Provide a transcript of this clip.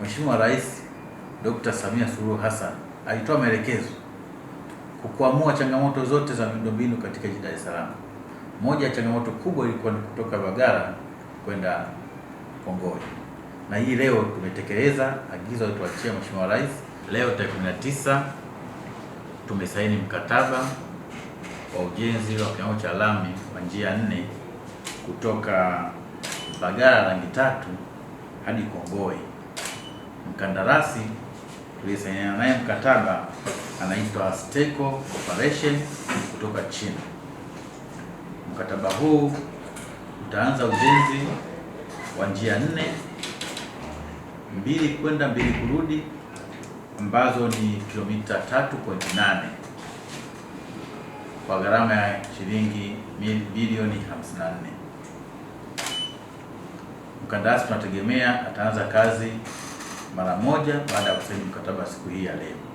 Mheshimiwa Rais Dr. Samia Suluhu Hassan alitoa maelekezo kukwamua changamoto zote za miundombinu katika jiji Dar es Salaam. Moja ya changamoto kubwa ilikuwa ni kutoka Bagara kwenda Kongowe, na hii leo tumetekeleza agizo alituachia Mheshimiwa Rais. Leo tarehe 19 tumesaini mkataba wa ujenzi wa kiwango cha lami kwa njia nne kutoka Bagara rangi tatu hadi Kongowe mkandarasi tuliyesainiana naye mkataba anaitwa Steco Corporation kutoka China. Mkataba huu utaanza ujenzi wa njia nne, mbili kwenda mbili kurudi, ambazo ni kilomita 3.8 kwa gharama ya shilingi bilioni 54. Mkandarasi tunategemea ataanza kazi mara moja baada ya kusaini mkataba siku hii ya leo.